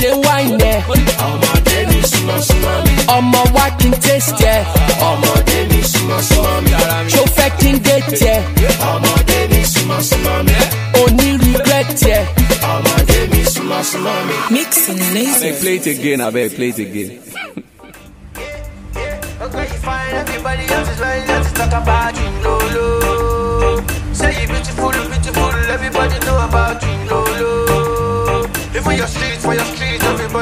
ṣe wáìnì ẹ̀. ọmọdé mi súnmọ́ súnmọ́ mi. ọmọ wa kí n tẹ́sítì ẹ̀. ọmọdé mi súnmọ́ súnmọ́ mi. ṣó fẹ́ kí n dé tiẹ̀. ọmọdé mi súnmọ́ súnmọ́ mi. òní rírẹ́tì ẹ̀. ọmọdé mi súnmọ́ súnmọ́ mi. mixing laser. abeg play it again abeg play it again. Everybody else is lying, let's talk about you, no, no. Say you beautiful, beautiful, everybody know about you.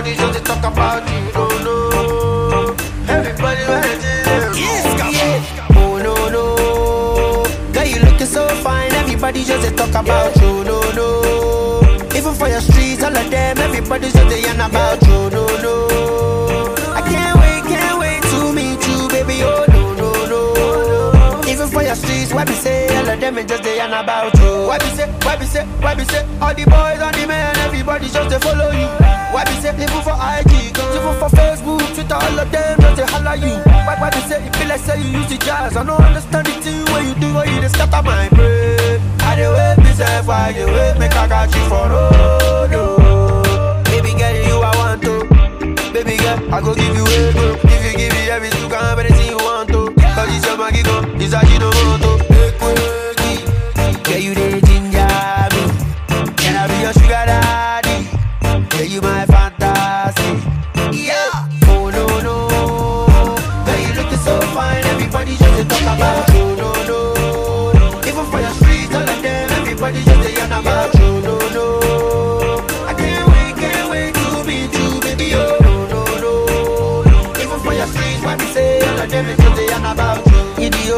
Everybody just to talk about you, no no. know. Everybody ready to yes, yeah. Oh no no, girl you looking so fine. Everybody just to talk about yeah. you, no no. Even for your streets, all of them, Everybody just to yarn about you, no no. I can't wait, can't wait to meet you, baby. Oh no no no. Even for your streets, what we say, all of them is just to yarn about you. What we say, what we say, what we say. All the boys and the men, everybody just to follow you. Why they say people for IG? Even for Facebook, Twitter, all of them, don't they holler you? Why, why they say it feel like say you use the jazz? I don't understand it too, what you do, what you just scatter my brain. I dey wait myself, why you wait, make I catch you for road, no. Oh. Baby girl, you I want to. Baby girl, I go give you everything. If you give me everything, you can have anything you want to. Oh. Cause it's your magic, oh. it's a you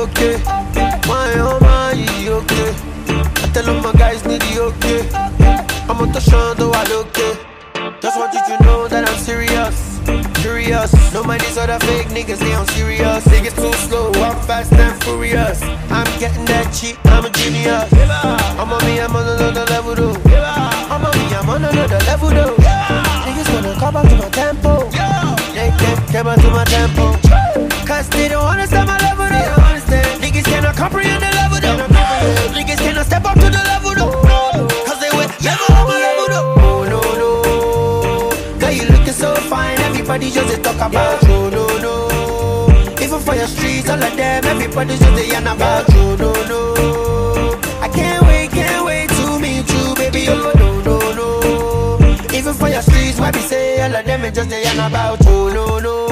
okay. My oh my, okay. I tell all my guys need the okay. I'm on the show, though I look okay. Just want you to know that I'm serious. Curious, no mind these other fake niggas, they on serious. Niggas too slow, I'm fast and furious. I'm getting that cheap, I'm a genius. I'm on me, I'm on another level though. I'm on me, I'm on another level though. Niggas gonna come back to my tempo. They can't come back to my tempo. Cause they don't understand my level, they don't understand cannot comprehend the level though. Niggas cannot step up to the level though. Cause they were never on my level though. Oh no no. Girl, you looking so fine. Everybody just they talk about you. No no. Even for your streets, all of them, everybody just they yarn about you. No no. I can't wait, can't wait to meet you, baby. Oh no no no. Even for your streets, why we say all of them, and just they yarn about you. No no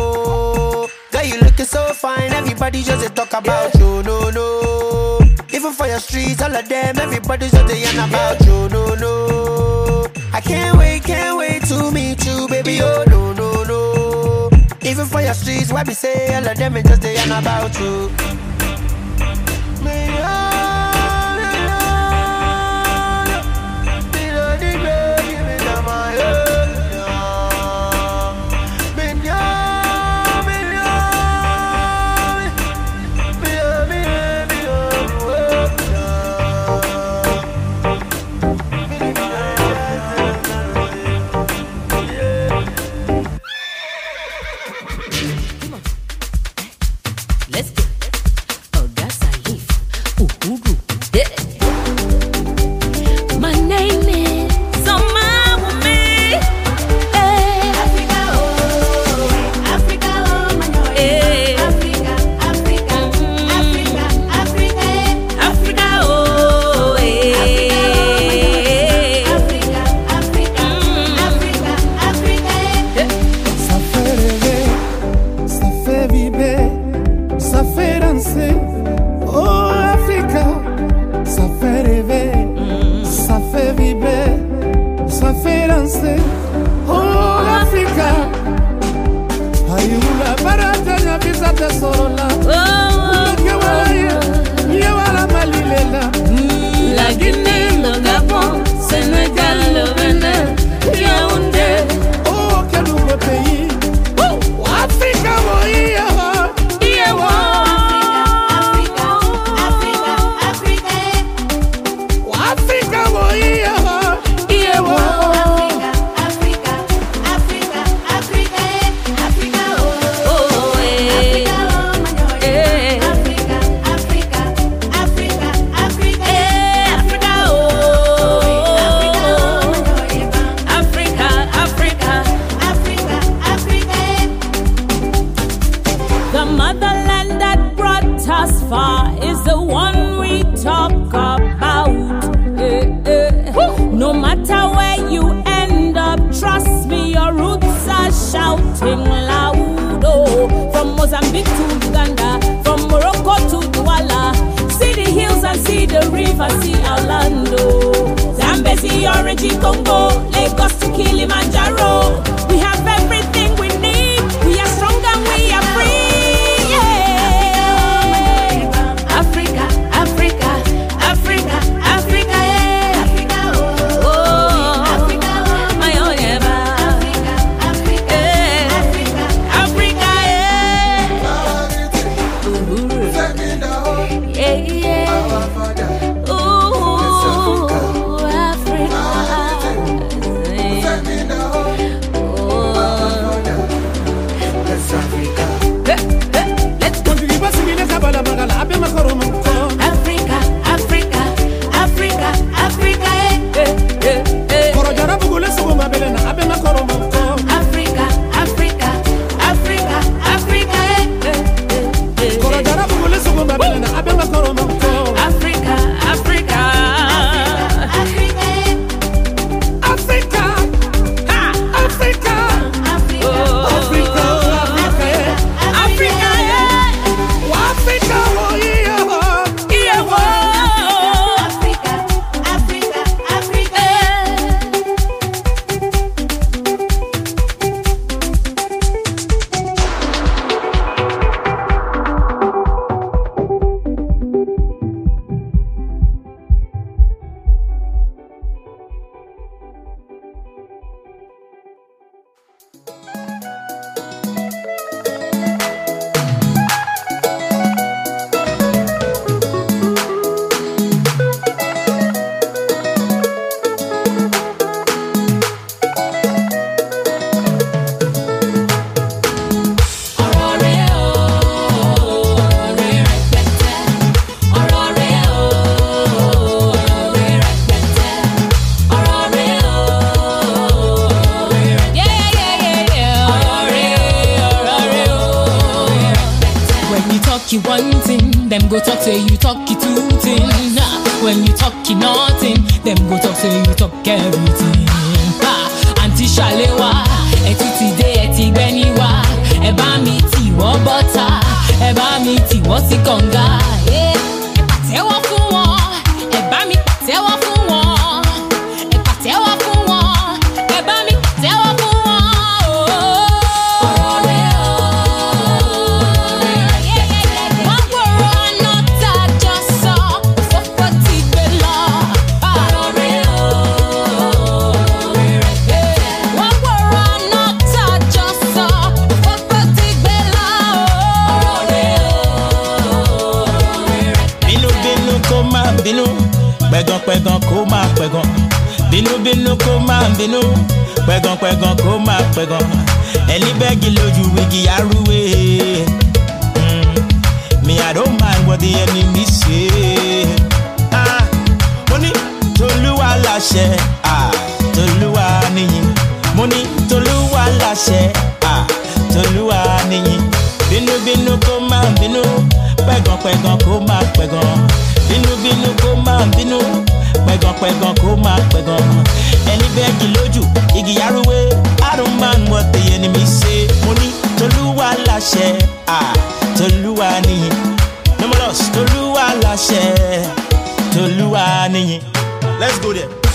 everybody just they talk about you, no, no. Even for your streets, all of them, everybody just they yarn about you, no, no. I can't wait, can't wait to meet you, baby, oh, no, no, no. Even for your streets, why be say all of them, it just they yarn about you. you one thing, them go talk say you talk it two thing. Nah, when you talk it nothing, them go talk say you talk everything. Ah, Auntie Shalewa, etiti de eti beniwa, eba miti wa butter, eba miti ti konga. fẹ́ gan ẹni bẹ́ẹ̀gì lójú wíìgì arúwé mi mm. i don't mind what the enemy say ah, mo ní tolúwa láṣẹ ah, tolúwa níyìn mo ní tolúwa láṣẹ ah, tolúwa níyìn bínúbínú kó máa bínú pẹ̀gànpẹ̀gàn kó máa pẹ̀gàn bínúbínú kó máa bínú pẹ̀gànpẹ̀gàn kó máa pẹ̀gàn ẹni bẹ́ẹ̀gì lójú igi arúwé ni mi ṣe mo ní tolúwa láṣẹ à tolúwa nìyí numerous tolúwa láṣẹ tolúwa nìyí let's go there.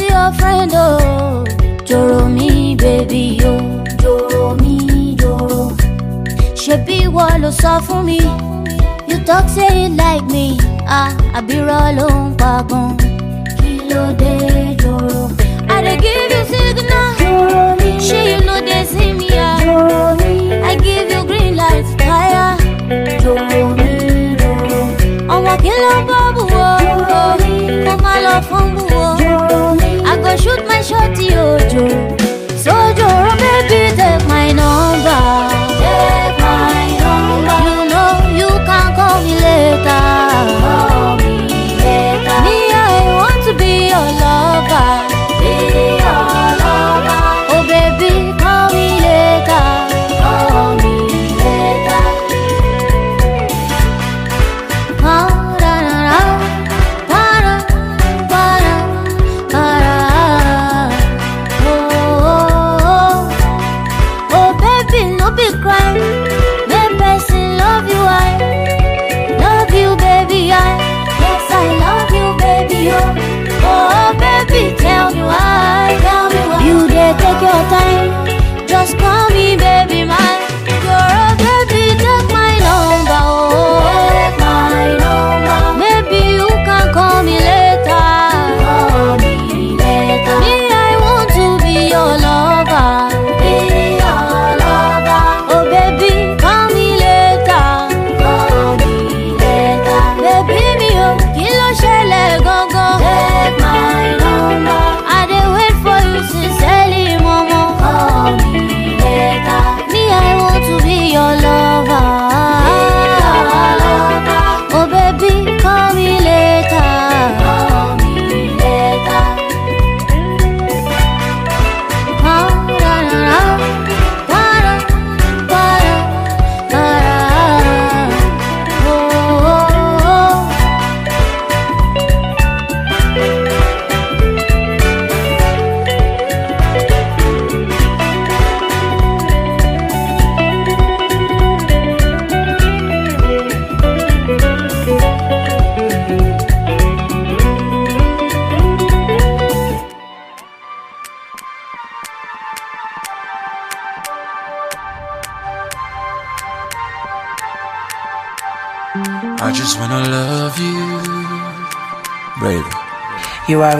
to your friend, oh, Joro me, baby, yo, oh. Joro me, Joro. Ṣebí ìwọ lo sọ for me. you talk say you like me, ah, àbírọ̀ ló ń pa gan. Kí ló dé, Joro? I dey give you signal, Joro me. ṣé you no dey see me, ah, Joro me. I give you green light, fire, Joro me. Joro. Ọmọ kí ló ń bọ̀ me. Come kó love lọ fún bù me. go shoot my shot, yo, Joe. So Joe, baby, take my number. Take my number. You know you can call me later. Oh.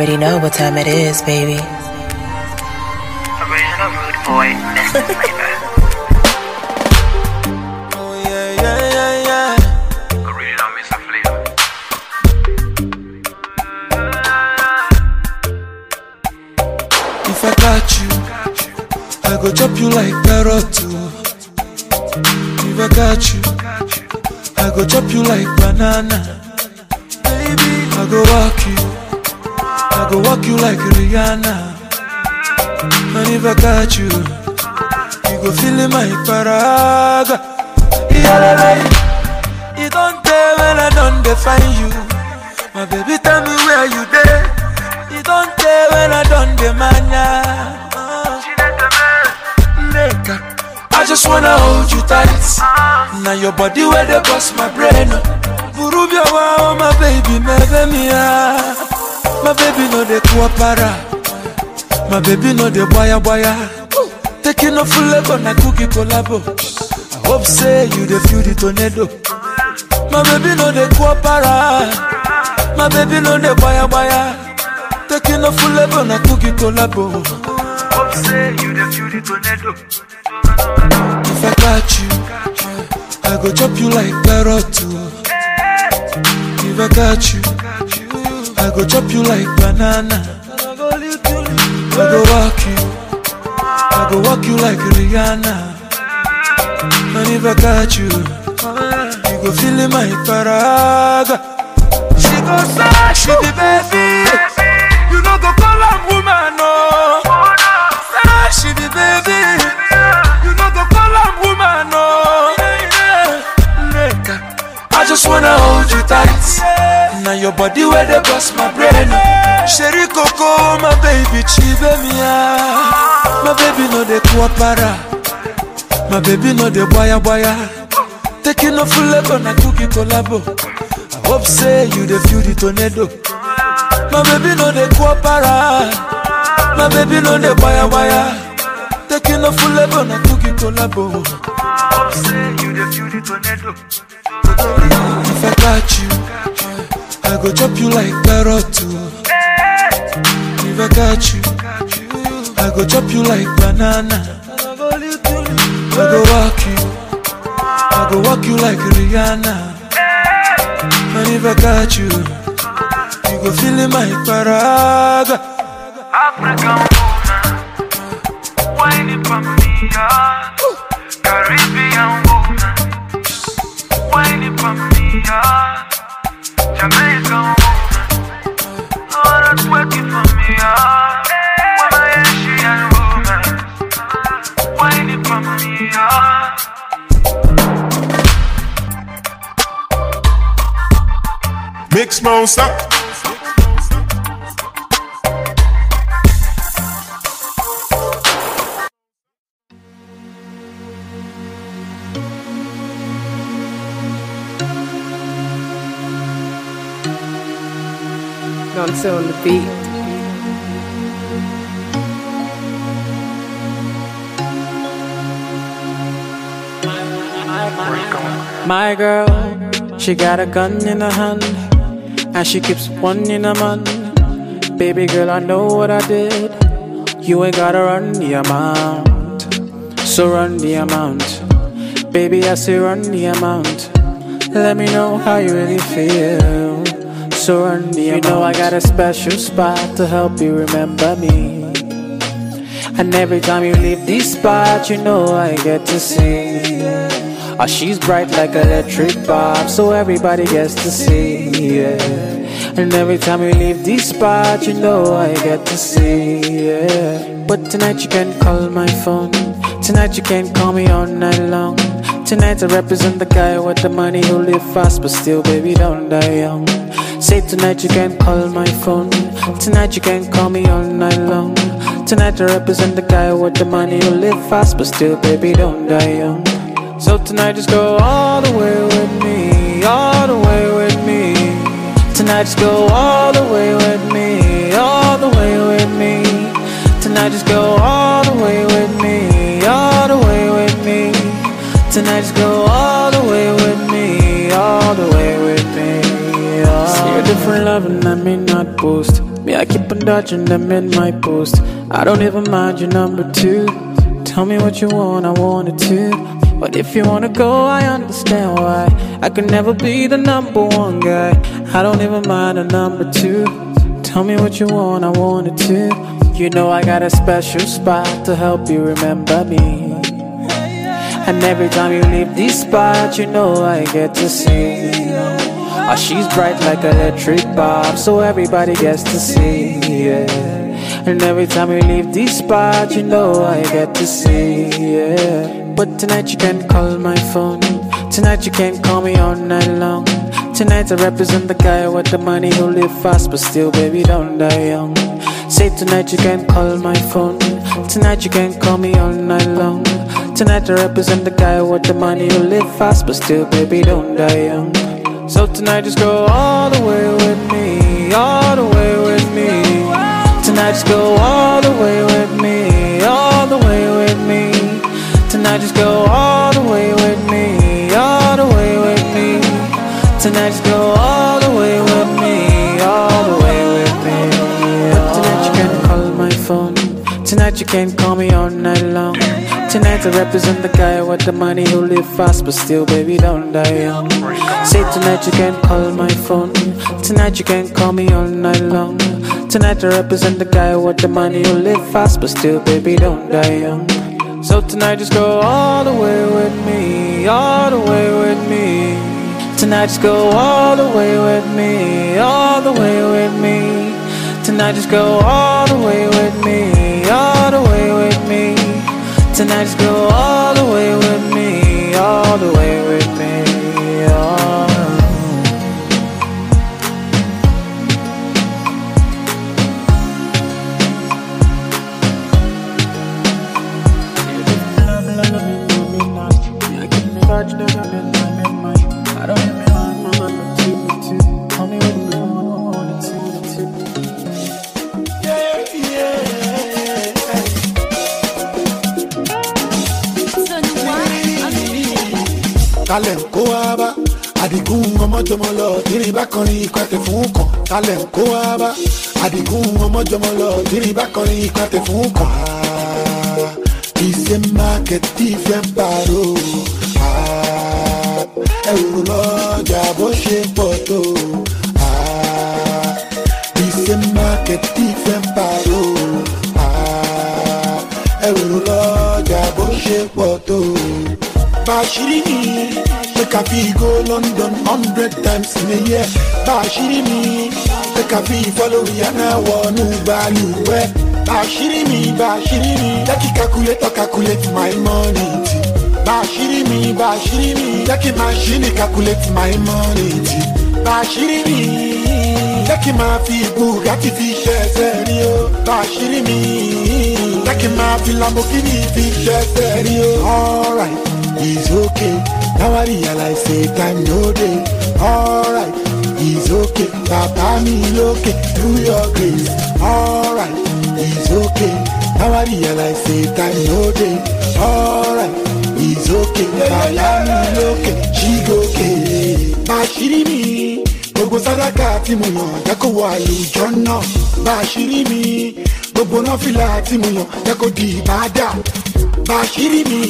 already know what time it is, baby. find you. My baby, tell me where you there. You don't care when I done the mania. Nigga, I just wanna hold you tight. Now your body where they bust my brain. Burubia wow, oh, my baby, my baby, my baby, no de kuapara. My baby, no de boya boya. Taking off full level, na cookie collabo. I hope say you the feel the tornado. My baby know they go para. My baby know they buy a buyer. Taking a full level na cookie collabo. say you If I catch you, I go chop you like carrot. Oh. If I catch you, I go chop you like banana. I go walk you, I go walk you like Rihanna. And if I catch you go feel my faraga. She go say she be baby. You know go call her woman, no. Say she be baby. You know go call her woman, no. I just wanna hold you tight. Now your body where they bust my brain. Sherry Coco, my baby, chive me My baby no de kuapara. My baby no de boya boya taking off full level na cookie collabo. I hope say you dey feel the tornado. My baby no dey go para, my baby no dey wire wire. Taking off full level na cookie collabo. I hope say you dey feel the tornado. If I catch you, I go chop you like carrot too. Oh. If I catch you, I go chop you like banana. I go walk you will walk you like Rihanna. And if I got you, you go feel my paraga. African don't stop. I'm still on the beat. My girl, she got a gun in her hand. And she keeps wanting a man. Baby girl, I know what I did. You ain't gotta run the amount. So run the amount. Baby, I say run the amount. Let me know how you really feel. So run the amount. You know I got a special spot to help you remember me. And every time you leave this spot, you know I get to see. Oh, she's bright like electric bulb, so everybody gets to see yeah. And every time we leave this spot, you know I get to see, yeah. But tonight you can call my phone. Tonight you can call me all night long. Tonight I represent the guy with the money who live fast, but still, baby, don't die young. Say tonight you can call my phone. Tonight you can call me all night long. Tonight I represent the guy with the money who live fast, but still, baby, don't die young. So tonight just go all the way with me, all the way with Tonight just go all the way with me, all the way with me. Tonight just go all the way with me, all the way with me. Tonight just go all the way with me, all the way with me. See a different love and I may not boost. Me, I keep on dodging them in my post. I don't even mind your number two. Tell me what you want, I want it too. But if you wanna go, I understand why. I could never be the number one guy. I don't even mind a number two. Tell me what you want, I want it too. You know I got a special spot to help you remember me. And every time you leave this spot, you know I get to see. Oh, she's bright like an electric bulb, so everybody gets to see. Yeah. And every time you leave this spot, you know I get to see, yeah. But tonight you can call my phone. Tonight you can call me all night long. Tonight I represent the guy with the money who live fast but still, baby, don't die young. Say tonight you can call my phone. Tonight you can call me all night long. Tonight I represent the guy with the money who live fast but still, baby, don't die young. So tonight just go all the way with me, all the way with me. Tonight just go all the way with me, all the way with me. Tonight just go all the way with me, all the way with me. Tonight just go all the way with me, all the way with me. But tonight you can call my phone. Tonight you can call me all night long. Tonight I represent the guy with the money who live fast but still baby don't die young. Say tonight you can call my phone. Tonight you can call me all night long. Tonight I represent the guy with the money who live fast but still baby don't die young. So tonight just go all the way with me, all the way with me. Tonight just go all the way with me, all the way with me. Tonight just go all the way with me, all the way with me. Tonight just go all the way with me, all the way with me. All talẹ̀ ń kó wá bá àdìgún ọmọjọmọ lọ tírin bá kọrin ìpàtẹ fún kan talẹ̀ ń kó wá bá àdìgún ọmọjọmọ lọ tírin bá kọrin ìpàtẹ fún kan. iṣẹ́ mákẹ́tì fẹ́ bàrò ẹ̀rù lọ́jà bó ṣe pọ̀ tó iṣẹ́ mákẹ́tì fẹ́ bàrò ẹ̀rù lọ́jà bó ṣe pọ̀ tó. Bashiri me, make a fee go London hundred times in a year. Bashiri me, make a fee follow Rihanna one value. Bashiri me, Bashiri me, let it calculate or calculate my money. Bashiri me, Bashiri me, let it machine calculate my money. Bashiri me. Jẹ́ kí máa fi Bugatti fi ṣe ẹsẹ̀ rí o. Bàṣírí me, Jẹ́ kí máa fi Lamborghini fi ṣe ẹsẹ̀ All right it's okay. Now I realize say time no day. Alright, it's okay. Papa me okay, through your grace. Alright, it's okay. Now I realize say time no day. Alright, it's okay. Papa me okay, she go okay. Bashiri mi, gbogbo sadaka ti mo yan, jẹ́ wa wà lùjọ́ Bashiri mi gbogbo nọ́fìlà tí mo yàn jẹ́ kó di ìbáadà bàṣírí mi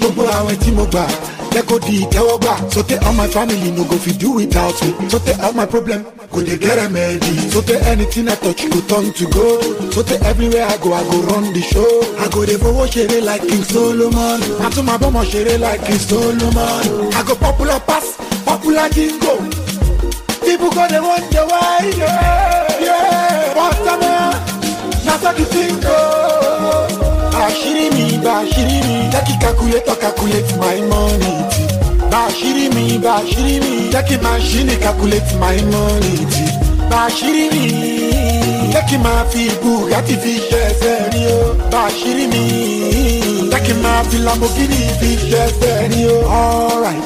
gbogbo àwẹ̀ tí mo gbà jẹ́ kó di ìtẹ́wọ́gbà sóté all my family no go fit do without me sóté all my problem go dey get remedy sóté anything I touch go turn to gold sóté everywhere I go I go run the show I go dey fowó ṣeré like King Solomon àtúmọ̀ abọ́mọ̀ ṣeré like King Solomon I go popular pass popular jingo people go dey wonder why yo. Yeah, yeah àṣírí mi bá àṣírí mi jẹ́ kí calculator calculate my money ti. bá mi bá àṣírí mi jẹ́ kí machine calculate my money ti. bá mi jẹ́ kí máa fi Bugatti fi ṣe ẹsẹ̀ rí o. bá mi jẹ́ kí máa fi Lamborghini fi ṣe ẹsẹ̀ rí o. alright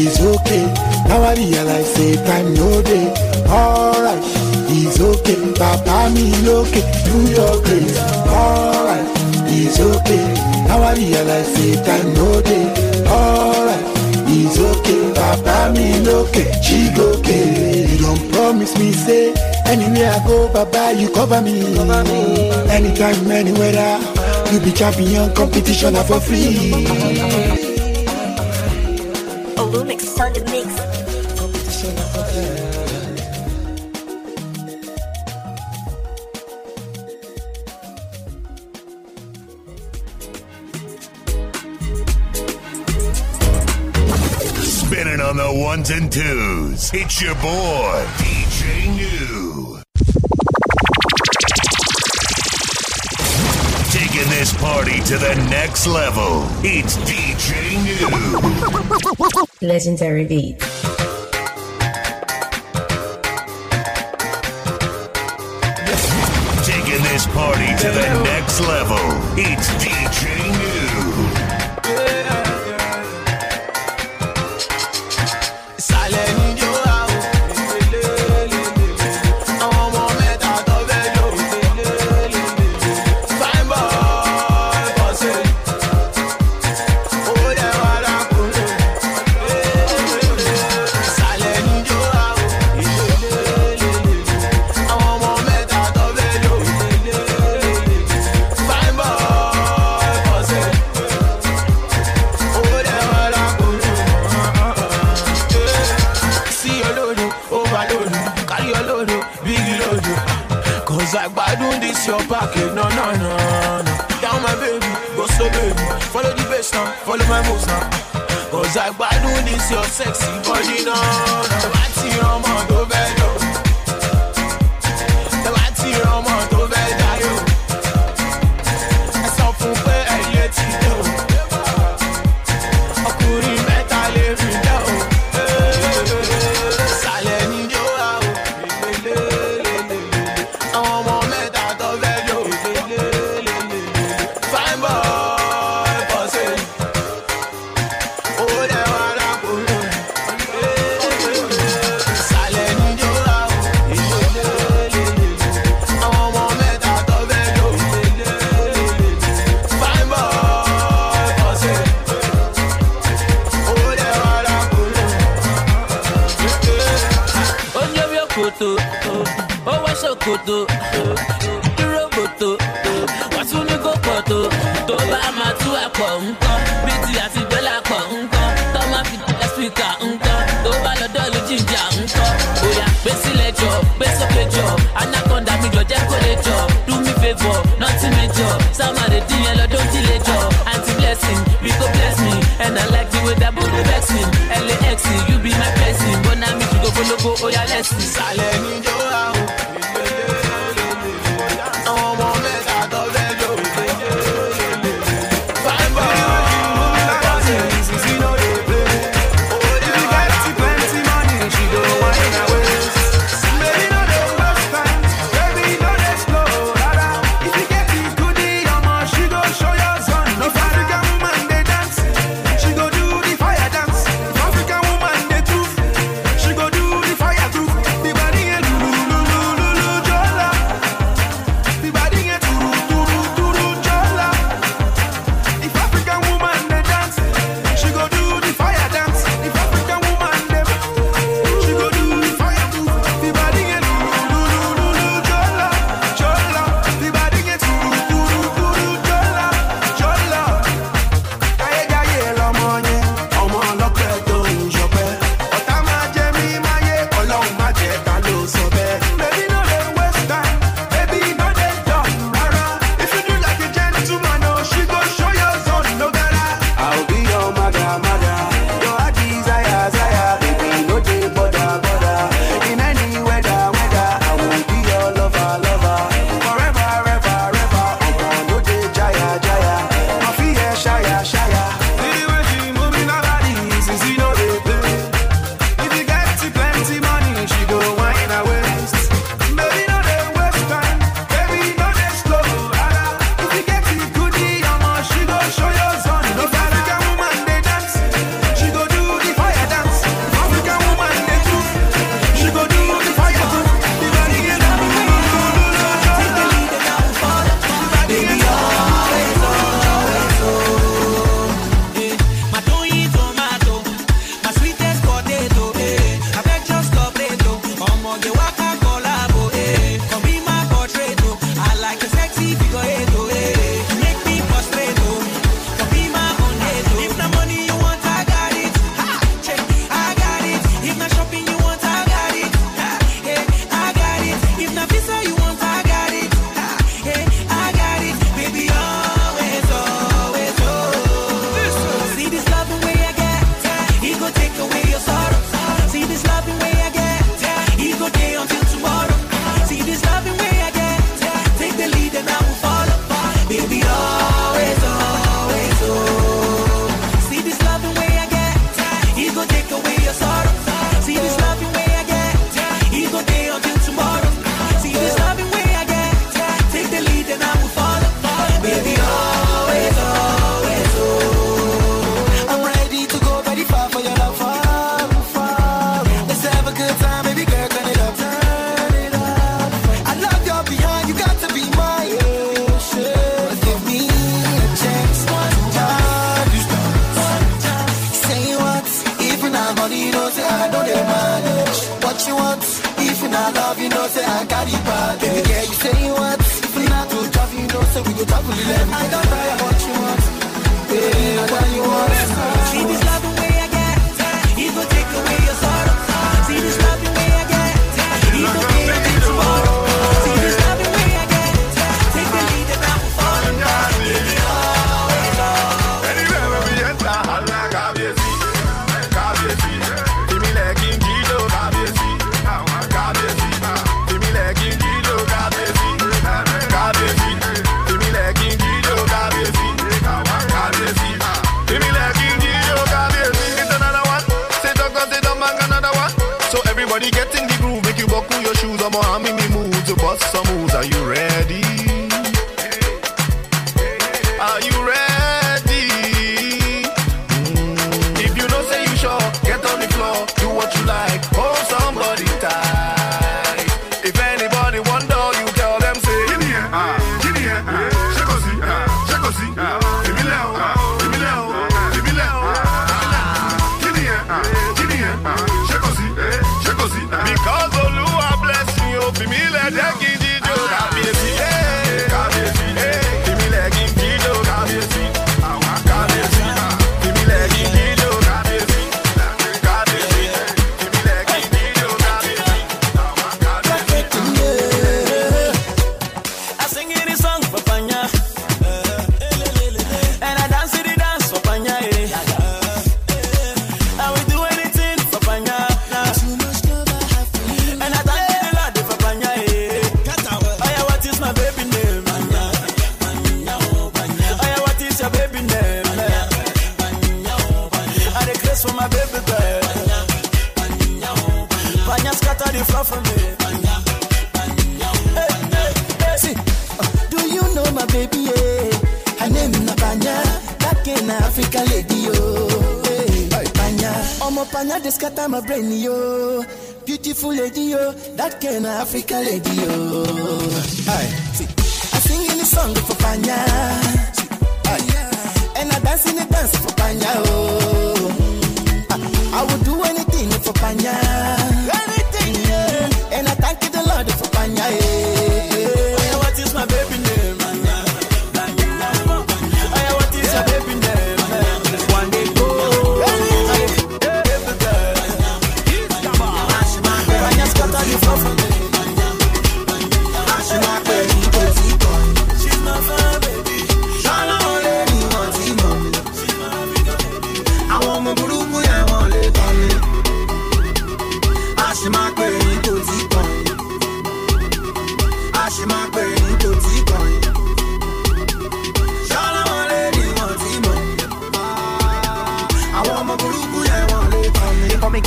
it's okay now I realize say time no dey alright. He's okay, Papa, me okay, do your grace. Alright, he's okay. Now I realize it, I know day. Alright. he's okay, Papa, me okay, she go okay. You don't promise me, say, anywhere I go, Papa, you cover me. Cover me. Anytime, anywhere, I, you be champion, competition are for free. Olumix on the mix. Competition are for free. ones and twos. It's your boy, DJ New. Taking this party to the next level. It's DJ New. Legendary beat. party to the next level. It's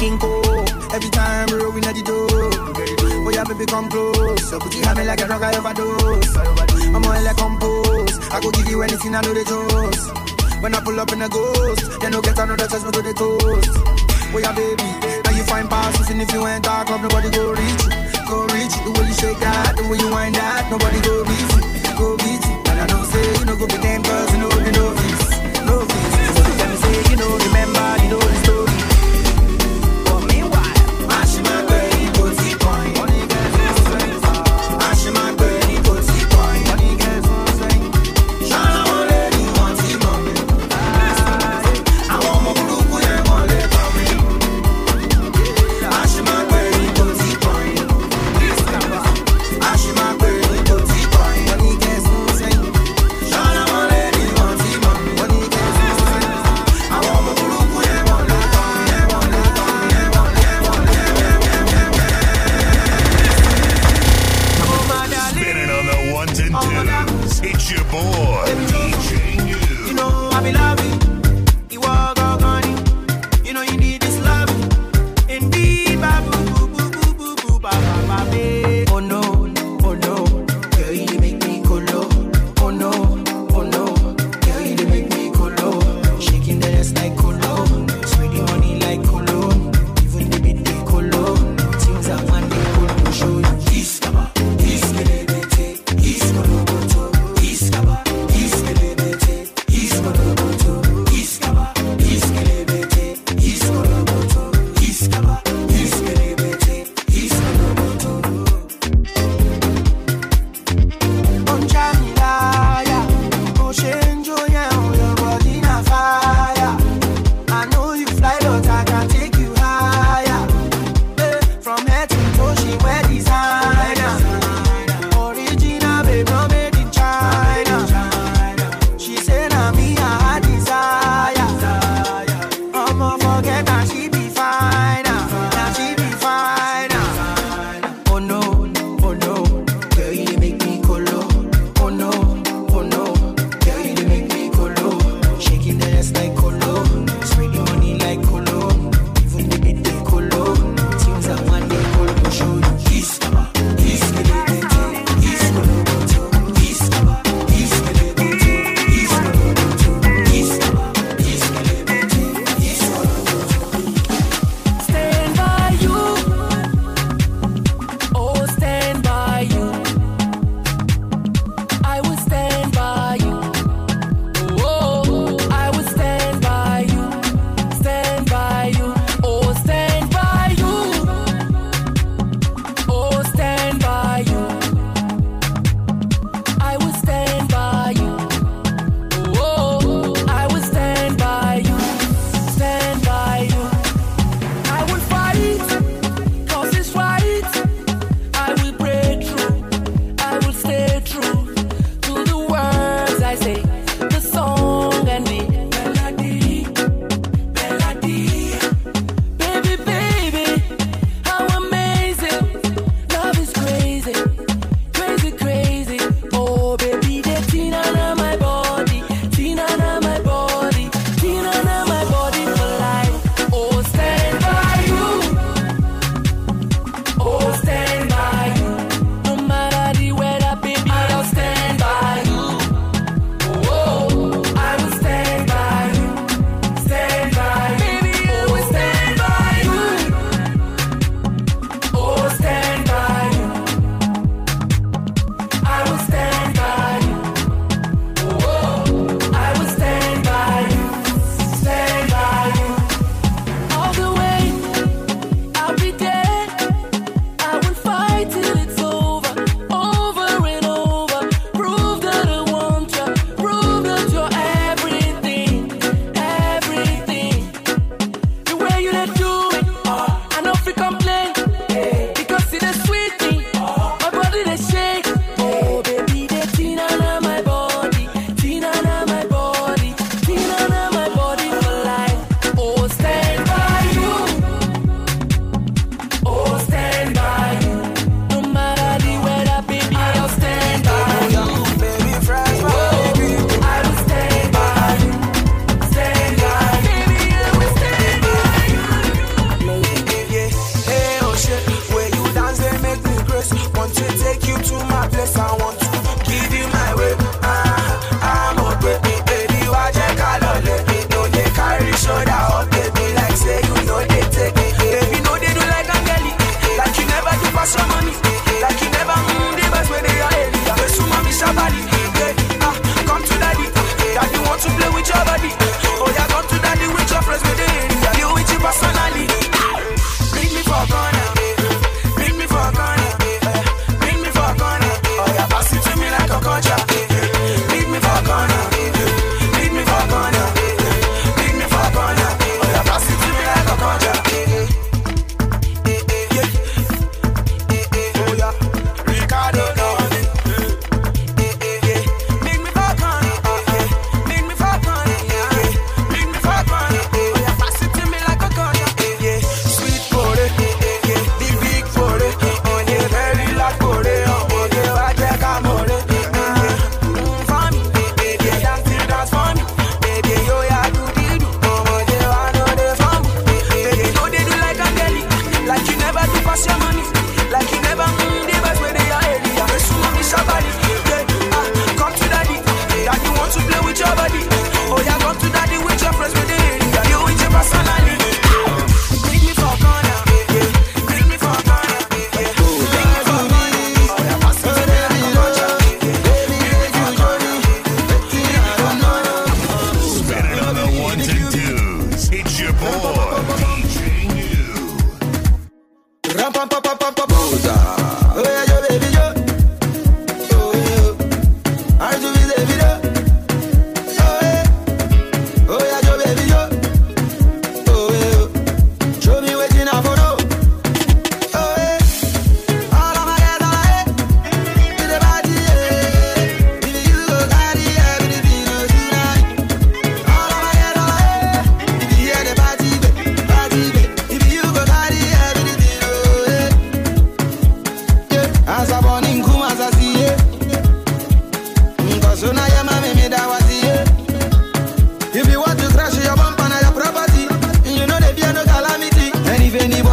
kinko. Every time we are in at the door. Oh yeah, baby, come close. So put you have me like a drug I overdose. I'm on like I go give you anything I know the toast. When I pull up in a ghost, they no get another chance, but do they toast. Oh yeah, baby, now you find passes, and if you ain't talk up, nobody go reach you go reach you. The way you shake that, the way you wind that Nobody go reach you, go reach you And I don't say, you know go be damn cause you know this, novice, this. So they tell me say, you know remember, you know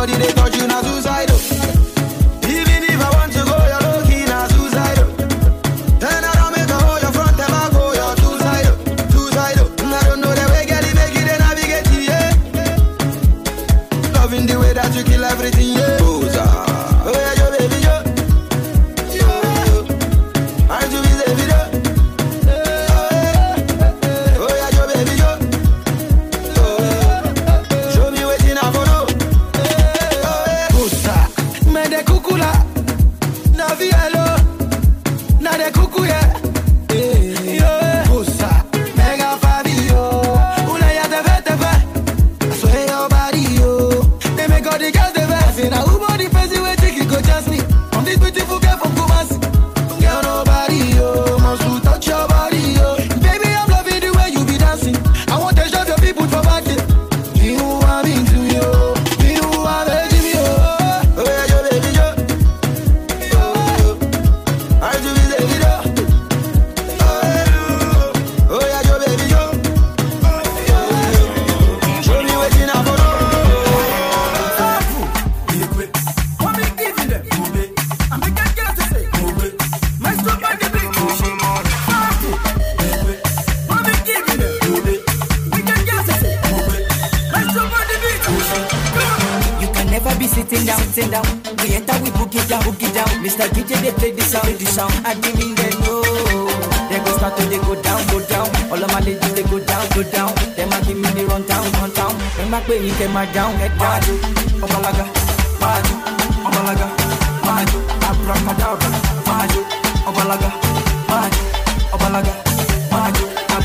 body they touch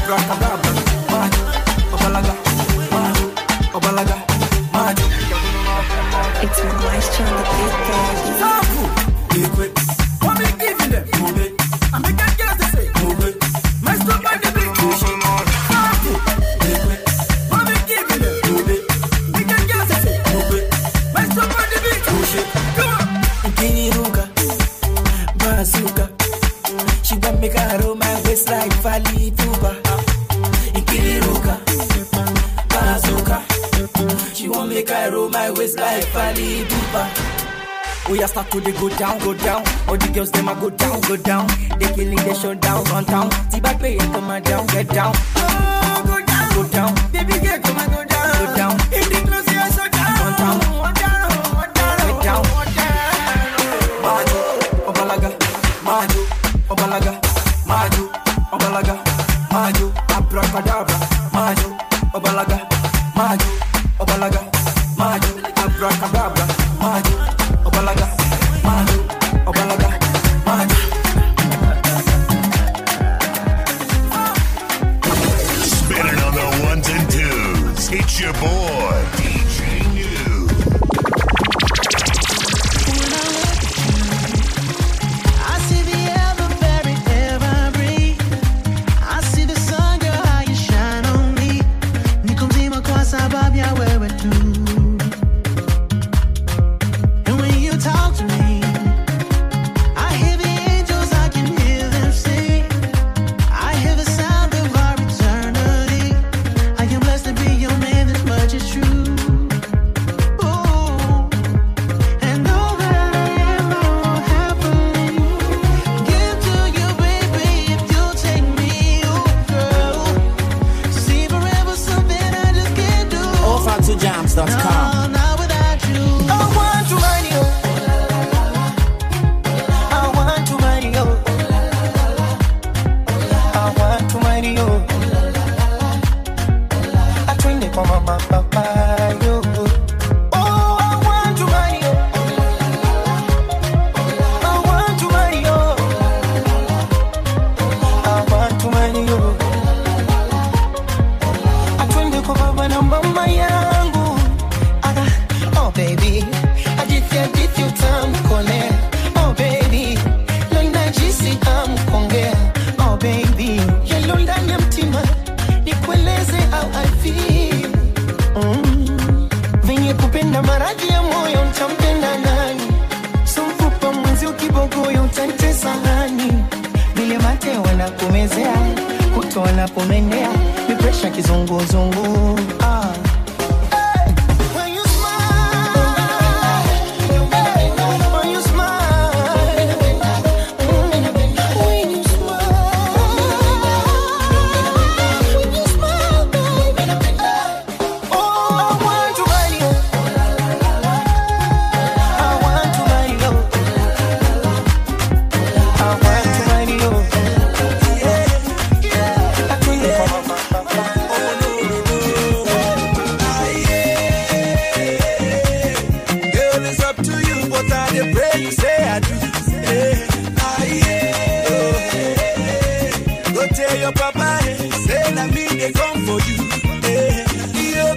Rock Rasta to go down, go down. All the girls them a go down, go down. They killing they show down on town. Tiba pay come on down, get down. Oh, go down, go down. Baby girl come on, go down, go down. your papa, say na me they come for you. Eh, iyo iyo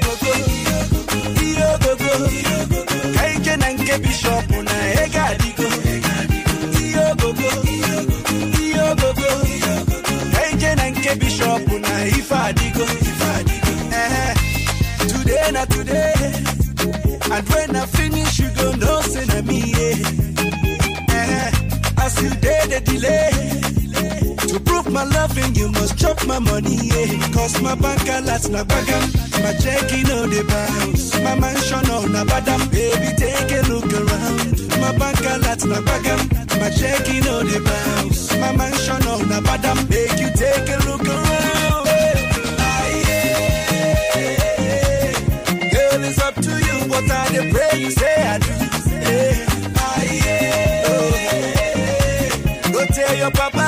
digo. Iyo iyo ifa digo. Eh, today na today, and when I finish you go know say na me. Eh. eh, as you dey the delay my loving, you must chop my money, yeah. Cause my bank alerts na bagam, my checking all the bounce. My mansion on na badam, baby, take a look around. My bank alerts na bagam, my checking all the bounce. My mansion on na badam, make you take a look around. Aye, yeah. Girl, it's up to you, what I the pray you say I do. Yeah. yeah. Go tell your papa.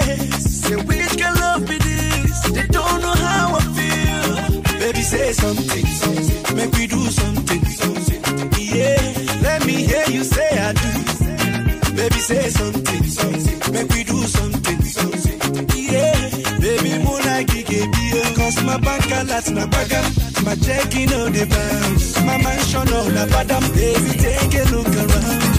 say something, Make we do something, Yeah, let me hear you say I do. Baby, say something, Make we do something, Yeah, baby, moon I give you. Cause my bank alerts na bagam. My checking on the bank, My mansion on the bottom. Baby, take a look around.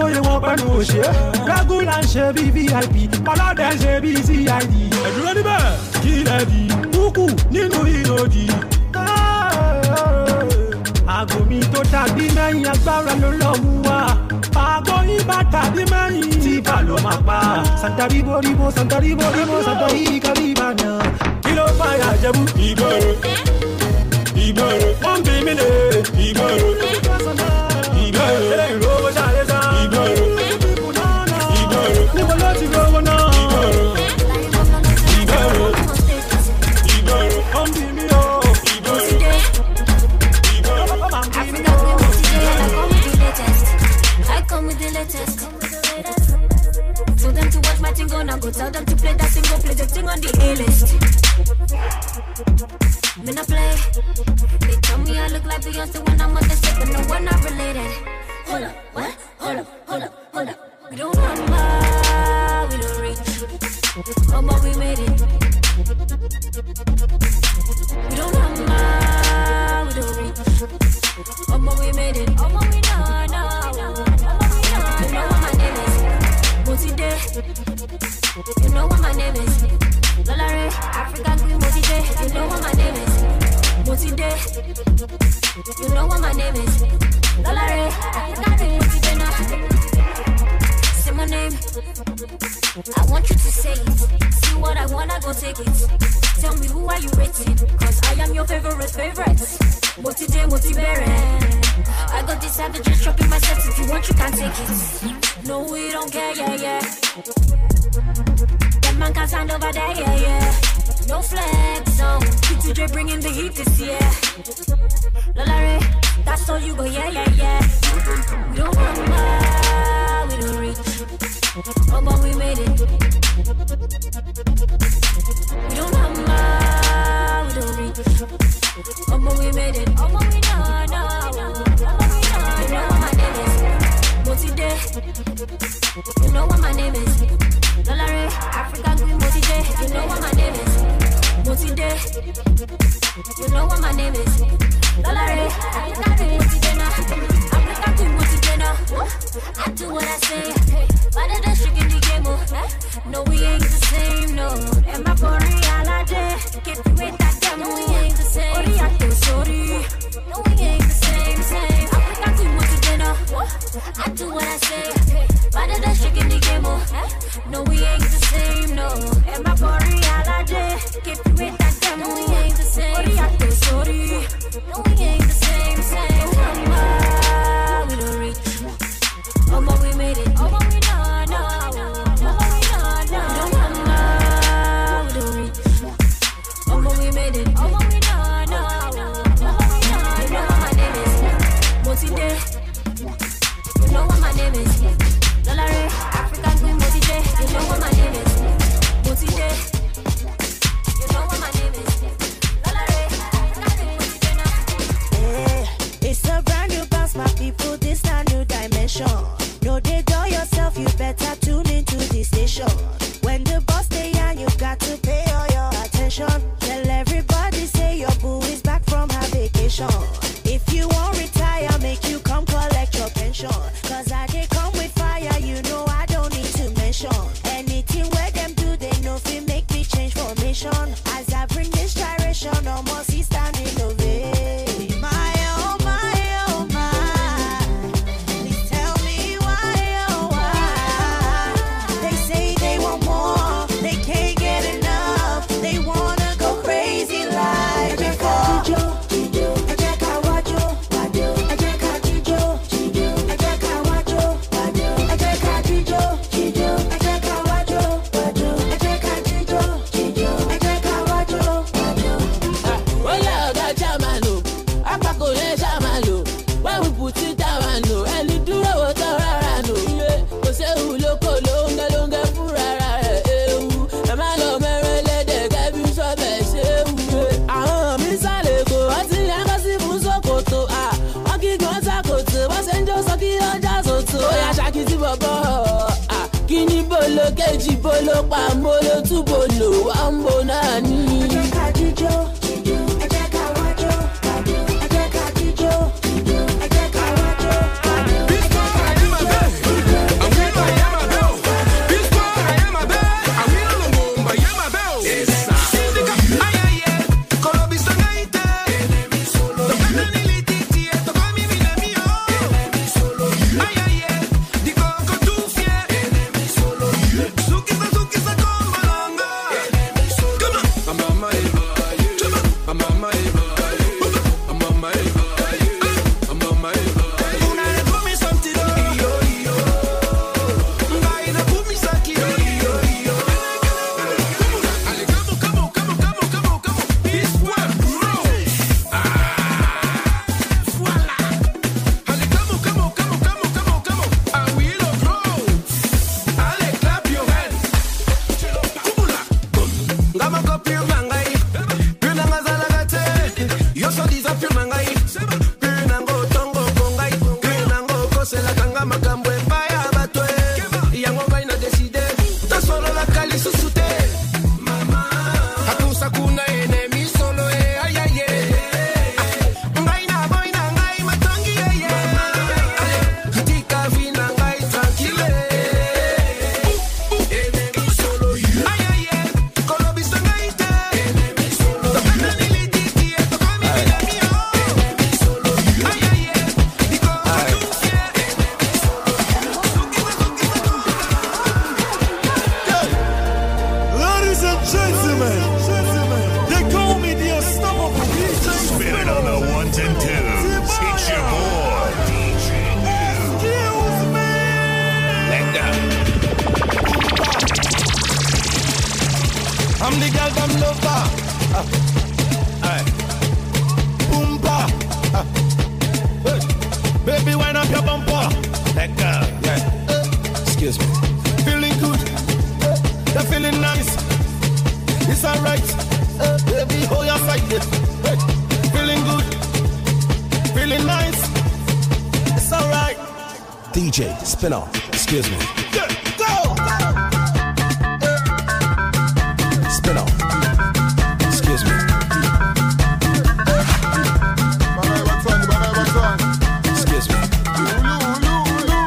kóye wọn pẹ̀lú òṣè rẹ́gúlà ń ṣe bí vip ọlọ́dẹ ń ṣe bí cid ẹ̀dúró níbẹ̀ kí ilẹ̀ di kúkú nínú ìlòdì. àgọ́ mi tó dàbí mẹ́yìn agbára ló lọ mú wa àgọ́ yín bá dàbí mẹ́yìn tí ibà ló máa pa santari boribo santari boribo santari kari ìbànà kí ló fàyà jẹ́bú ìgboro ìgboro ó ń bí mi lè ìgboro. go tell them to play that single, play the thing on the A list. Me not play. They tell me I look like Beyonce when I'm on the set, but no one I bringing the heat this year. Lolare, that's all you go, yeah, yeah, yeah. We don't want we don't reach. Oh, but we made it. We don't want we don't reach. Oh, but we made it. Oh, but we know, no. You know what my name is Lolare, African Queen Motide You know what my name is Motide know what my name is. Dollar